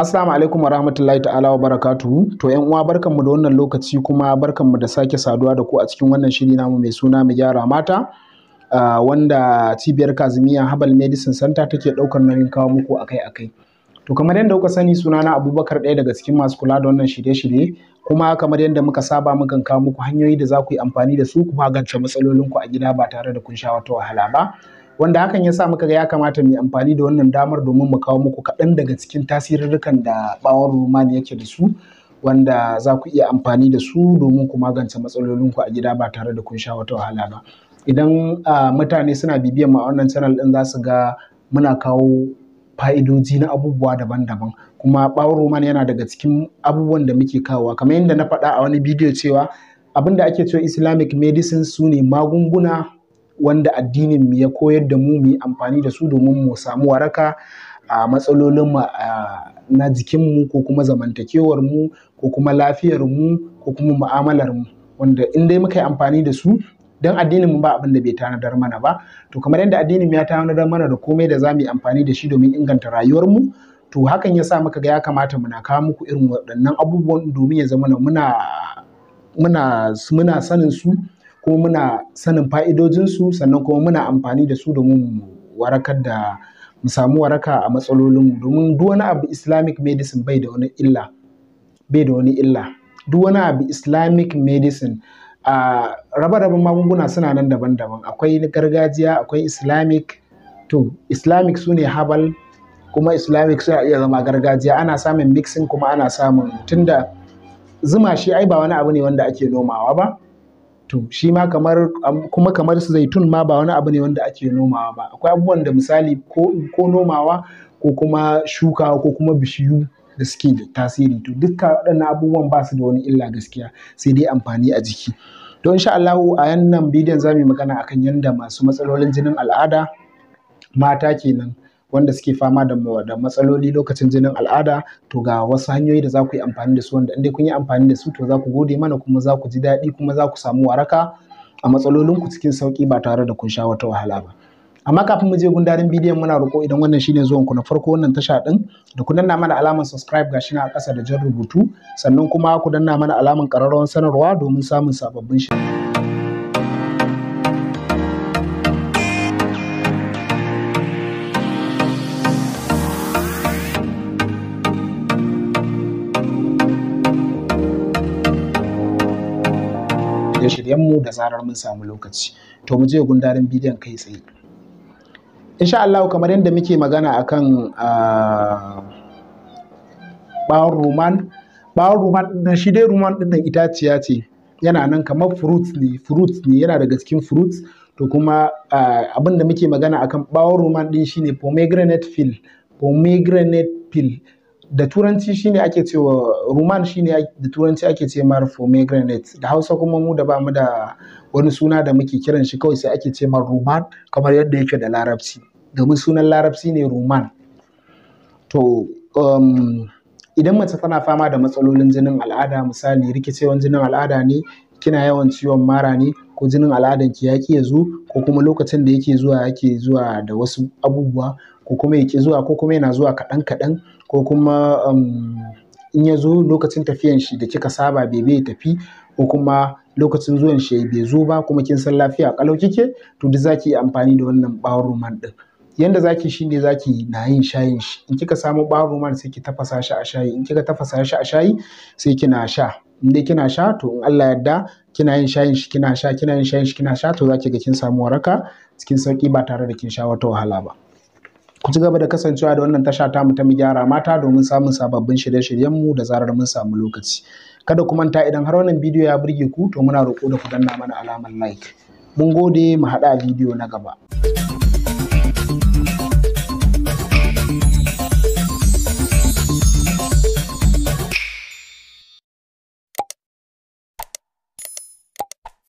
Assalamu alaikum warahmatullahi ta'ala wa barakatuhu. To ƴan uwa barkanmu da wannan lokaci kuma barkanmu da sake saduwa da ku a cikin wannan shiri namu mai suna mu gyara mata. Uh, wanda cibiyar Kazimiya Habal Medicine Center take ɗaukar nauyin kawo muku akai-akai. To kamar yadda kuka sani suna na Abubakar ɗaya daga cikin masu kula da wannan shirye-shirye kuma kamar yadda muka saba mukan kawo muku hanyoyi da za ku yi amfani da su ku magance matsalolinku a gida ba tare da kun sha wata wahala ba. wanda hakan ya sa muka ga ya kamata mu yi amfani da wannan damar domin mu kawo muku kaɗan daga cikin tasirirrikan da bawon rumani yake da su wanda za ku iya amfani da su domin ku magance matsalolinku a gida ba tare da kun sha wata wahala ba idan mutane suna bibiyan mu a wannan channel din za su ga muna kawo fa'idoji na abubuwa daban-daban kuma bawon roman yana daga cikin abubuwan da muke kawowa kamar yadda na faɗa a wani bidiyo cewa abinda ake cewa islamic medicine su ne magunguna wanda addinin mu ya koyar da mu mu amfani da su domin mu samu waraka a matsalolin mu na jikin mu ko kuma zamantakewar mu ko kuma lafiyar mu ko kuma mu'amalar mu wanda in dai muka yi amfani da su don addinin mu ba abin da bai tanadar mana ba to kamar yadda addinin ya tanadar mana da komai da zamu yi amfani da shi domin inganta rayuwar mu to hakan ya sa muka ga ya kamata muna kawo muku irin waɗannan abubuwan domin ya zama muna muna muna sanin su ko muna sanin fa'idojinsu sannan kuma muna amfani da su domin warakar da mu samu waraka a matsalolinmu domin duk wani abu islamic medicine bai da wani illa bai da wani illa duk wani abu islamic medicine a raba-raban magunguna suna nan daban-daban akwai gargajiya akwai islamic to islamic su ne habal kuma islamic suna iya zama gargajiya ana samun mixing kuma ana samun tunda zuma shi ai ba wani abu ne wanda ake nomawa ba to shi ma kamar kuma kamar su zaitun ma ba wani abu ne wanda ake nomawa ba akwai abubuwan da misali ko, nomawa ko kuma shukawa ko kuma bishiyu da suke da tasiri to dukka waɗannan abubuwan ba su da wani illa gaskiya sai dai amfani a jiki Don sha Allah a yannan bidiyon za mu yi magana akan yadda masu matsalolin jinin al'ada mata kenan wanda suke fama da da matsaloli lokacin jinin al'ada to ga wasu hanyoyi da za ku yi amfani da su wanda inda kun yi amfani da su to za ku gode mana kuma za ku ji daɗi kuma za ku samu waraka a matsalolinku cikin sauƙi ba tare da kun sha wata wahala ba. amma kafin mu je gundarin bidiyon muna roƙo idan wannan shine zuwan ku na farko wannan tasha din da ku danna mana alamar subscribe gashi na a ƙasa da jan rubutu sannan kuma ku danna mana alamar ƙararrawar sanarwa domin samun sababbin shirye shirye mu da zarar mun samu lokaci to mu je gundarin bidiyon kai tsaye insha Allah kamar yadda muke magana akan bawon ruman bawon ruman din shi dai ruman din nan itaciya ce yana nan kamar fruit ne fruit ne yana daga cikin fruit to kuma abin da muke magana akan bawon ruman din shine pomegranate peel pomegranate peel da turanci shine ake cewa ruman shine da turanci ake ce mar pomegranate da hausa kuma mu da bamu da wani suna da muke kiran shi kawai sai ake ce mar ruman kamar yadda yake da larabci domin sunan larabci ne ruman to um, idan mace tana fama da matsalolin jinin al'ada misali rikicewan jinin al'ada ne kina yawan ciwon mara ne ko jinin al'adan ki ya ke ya zo ko kuma lokacin da yake zuwa yake zuwa da wasu abubuwa ko kuma yake zuwa ko kuma yana zuwa kaɗan kaɗan ko kuma um, in ya zo lokacin tafiyan shi da kika saba bai bai tafi ko kuma lokacin zuwan shi bai zo ba kuma kin san lafiya kalau kike to duk zaki yi amfani da wannan bawon roman din yanda zaki shi ne zaki na yin shayin shi in kika samu bawon roman sai ki tafasa shi a shayi in kika tafasa shi a shayi sai kina sha in dai kina sha to in Allah yarda kina yin shayin shi kina sha kina yin shayin shi kina sha to zaki ga kin samu waraka cikin sauki ba tare da kin sha wata wahala ba ku ci gaba da kasancewa da wannan tasha ta mu ta mu gyara mata domin samun sababbin shirye-shiryen mu da zarar mun samu lokaci kada ku manta idan har wannan bidiyo ya burge ku to muna roƙo da ku danna mana alamar like mun gode mu haɗa bidiyo na gaba